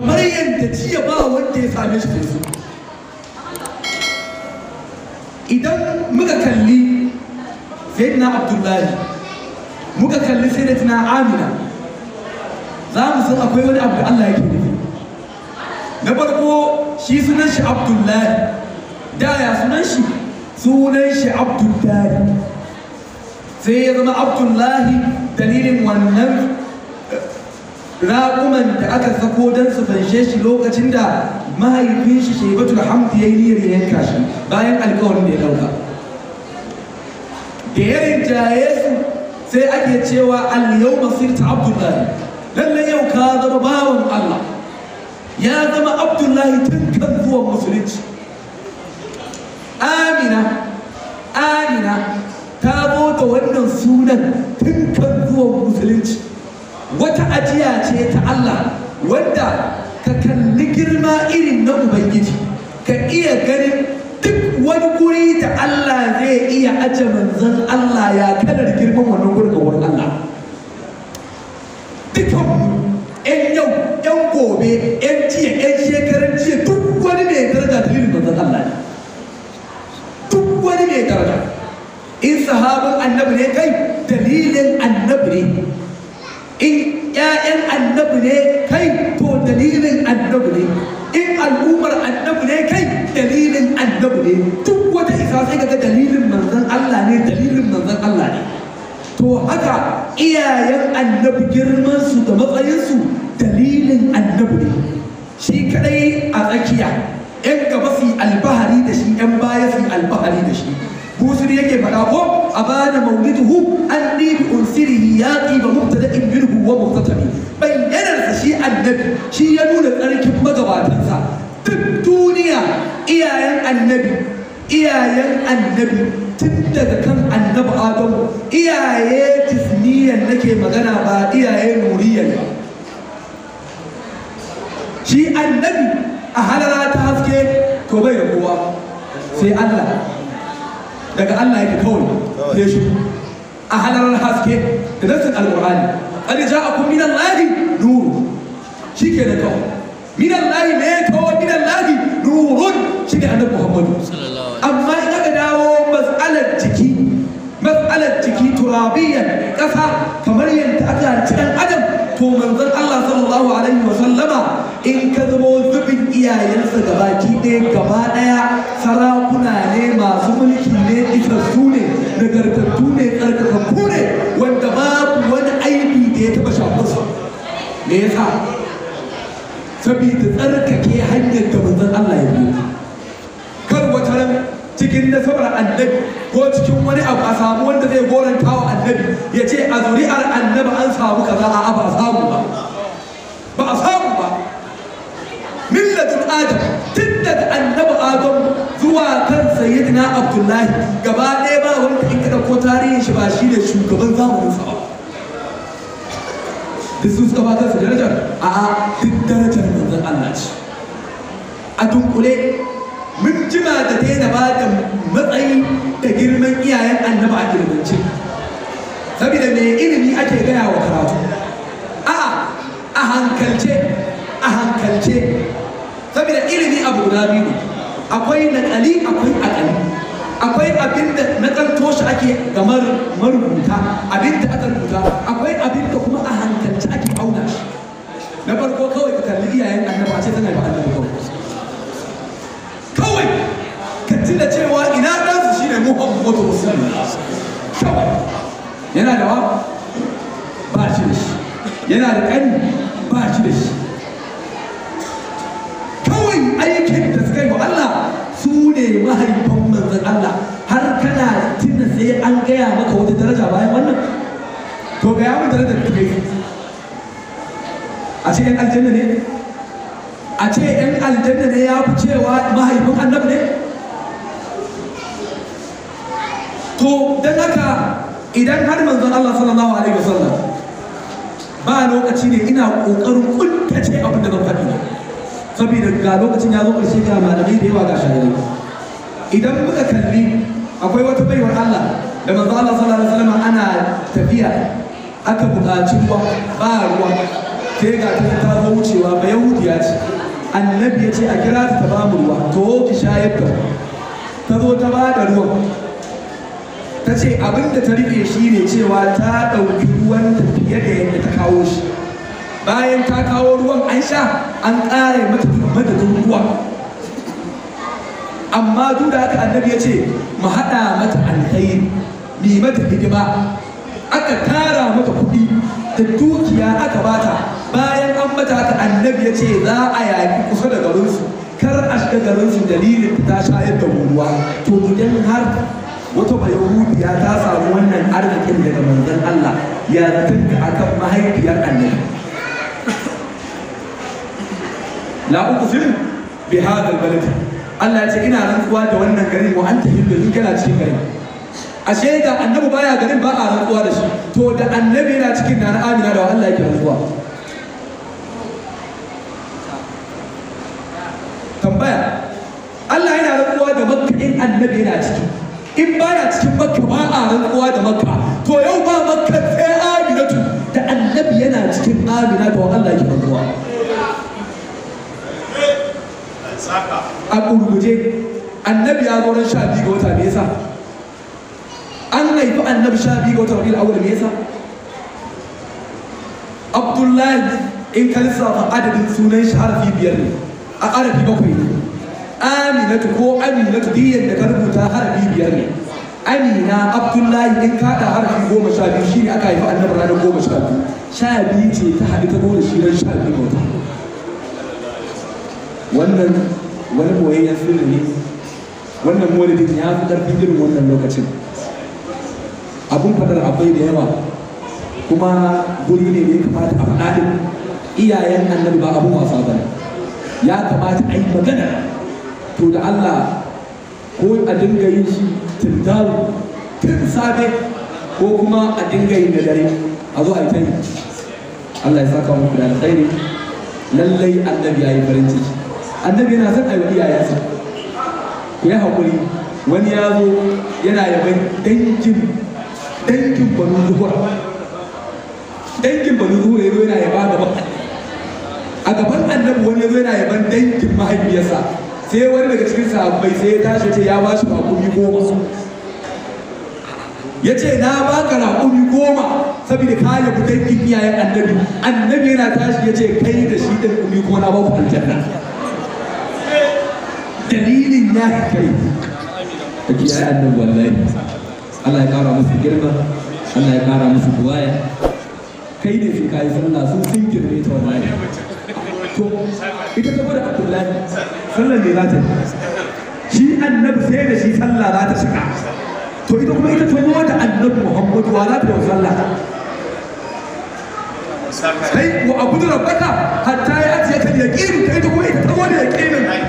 kamar yadda jiya ba wanda ya same shi yanzu idan muka kalli na abdullahi muka kalli sayyidatina amina za mu san akwai wani abu da Allah yake nufi na farko shi sunan shi abdullahi da ya sunan shi sunan shi abdullahi sai ya zama abdullahi dalilin wannan raƙuman da aka sako don su fanshe shi lokacin da mahaifin shi da hamdu ya yi niyyar yanka shi bayan alkawarin da ya ɗauka da ya rinjaye su sai ake cewa al-yau ta abdullahi lallai yau ka zama bawan allah ya zama abdullahi tun kan zuwan musulunci amina amina ta zo da wannan sunan tun kan zuwan musulunci wata ajiya ce ta Allah wadda ka kalli girma irin na Ubangiji ka iya ganin duk wani guri da Allah zai iya aje manzan Allah ya kalar girman wannan guri ga wurin Allah dukan ɗan yau ɗan gobe ɗan jiya ɗan shekaran jiya duk wani mai daraja dalilin manzan Allah ne duk wani mai daraja in sahabin annabi ne kai dalilin annabi ne in ƴaƴan annabi ne kai to dalilin annabi ne in al'ummar annabi ne kai dalilin annabi ne duk wata isa sai ga dalilin manzon Allah ne dalilin manzon Allah ne to haka iyayen annabi girman su da matsayin su dalilin annabi ne shi kadai a tsakiya Ƴan gaba su albahari da shi ƴan baya su albahari da shi busur yake faɗa ko أبان مولده أني بأنسره ياقي بمبتدأ منه ومختتمي بينا شيء النبي شيء ينون الأرك مغباتنسا duk duniya iyayen annabi iyayen annabi tun daga kan annabi adamu iyaye tisniyan nake magana ba iyaye nuriyan ba shi annabi a halara ta haske to bai da sai allah daga Allah yake kawai sai shi a halarar haske da nassin a qad ja'akum min allahi shi ke da kawo. Minan allahi me kawai min allahi nurun shike annabi muhammadu amma in aka dawo mas'alar ciki. matsalar ciki, turabiyan ƙasa kamar yadda aka halicci ɗan adam to manzon Allah sallallahu alaihi wa sallama in ka zubo zubin iyayensa baki ɗaya gaba ɗaya sarakuna ne masu mulki ne isassu ne nagartattu ne tsarkakakku ne wanda babu wani aibi da ya taɓa shafarsa me yasa na nasabar annabi ko cikin wani abu a samu wanda zai goranta wa annabi ya ce a zuri'ar annabi an samu kaza a ba samu ba ba a samu ba millatin adam tun daga annabi adam zuwa kan sayyidina abdullahi gaba ɗaya ba wanda in kada ko tarihin shi ba shi ne shugaban zamanin sa ba duk sun suka fata su darajar a'a duk darajar manzon Allah ce a dunkule mun jima da daina ba da matsayi da girman iyayen annaba a girmance saboda me ilimi ake gaya wa karatu a a hankalce a hankalce saboda ilimi abu guda biyu akwai nakali akwai akali akwai abin da nakalto shi ake gamar marubuta abin da aka rubuta akwai yana da ƙani ba shi da shi kawai aikin da suka yi wa Allah su ne mahaifan manzan Allah har kana tunda sai an gaya maka wata daraja bayan wannan to ga yawon daraja da kai a ce yan aljanna ne a ce yan aljanna ne ya fi cewa mahaifin annabi ne to don haka idan har manzon Allah sallallahu alaihi wasallam ba lokaci ne ina ƙoƙarin kuntace abin da ban faɗi ba saboda ga lokacin ya zo ƙarshe ga malamai da yawa ga shahararri idan muka kalli akwai wata baiwar Allah da manzo Allah sallallahu alaihi wasallam ana tafiya aka buƙaci ruwa ba ruwa sai ga ta ta zo wucewa ba yahudiya ce annabi ya ce a kira ta ta ba mu ruwa to ki shayar da ta zo ta ba da ruwa ta ce abin da ta rufe shi ne cewa ta ɗauki ruwan ta fiye da yadda ta kawo shi bayan ta kawo ruwan an sha an ƙare mata madadin ruwa amma duk da haka annabi ya ce mu haɗa mata alkhairi mu mata hidima aka tara mata kuɗi da dukiya aka bata bayan an mata haka annabi ya ce za a yaƙi kusa da garinsu kar a shiga garinsu dalilin ta shayar da ruwa to idan har wata bai yahudiya ta samu wannan arzikin daga manzon Allah ya zatunta akan mahaifiyar annabi la uqsim bi hadha albalad Allah ya ce ina rantsuwa da wannan gari wa anta hindu in kana cikin gari. ashe da annabi baya garin ba a rantsuwa da shi to da annabi yana cikin na Amina da Allah yake rantsuwa tambaya Allah yana rantsuwa da makka annabi yana cikin in baya cikin makka ba a rantsuwa da makka to yau ba makka sai aminatu da annabi yana cikin amina to Allah yake rantsuwa a gurguje annabi ya zo ran sha biyu ga wata me yasa an haifi annabi sha biyu ga wata rabiul awwal me yasa abdullahi in ka lissafa adadin sunan shi biyar ne a harafi bakwai ne aminatu ko aminatu diyan da ka rubuta harafi biyar ne amina abdullahi in ka da harafi goma sha biyu shi ne aka haifi annabi ranar goma sha biyu sha biyu ce ta haɗu ta goma shi ran sha biyu bauta wannan wani boyayyen sirri ne wannan maulidin ya fi ƙarfin irin wannan lokacin abun fadar abai da yawa kuma guri ne da ya kamata a faɗaɗin iyayen annabi ba abun wasa ba ne ya kamata a yi magana to da Allah ko a dinga yin shi tuntaru tun safe ko kuma a dinga yin da dare a zo a yi ta yi Allah ya saka muku da alkhairi lallai annabi ya yi farin ciki annabi yana son ayyuka iyayensa ku yi haƙuri wani ya zo yana yaban dangin dangin banu zuhura dangin banu zuhura yana yaba gaban a gaban annabi wani ya zo yana yaban dangin mahaifiyarsa sai wani daga cikin sahabbai sai ya tashi ce ya ba shi raƙumi goma ya ce na ba ka raƙumi goma saboda ka yi kimiyya ya annabi annabi yana tashi ya ce kai da shi ɗin kumi ko na ba ku aljanna dalilin ya kai da yi annabi wallahi Allah ya ƙara musu girma Allah ya ƙara musu buwaya kai ne fi kayi sallah sun sun girme ta wallahi ita ta gwada abdullahi sallar ne za ta yi shi annabi sai da shi sallah za ta shiga to ita kuma ita ta gwada annabi muhammadu wa za ta yi sallah kai wa abu da rabbaka hatta ya ajiye ta da yaƙini ta ita kuma ita ta gwada yaƙinin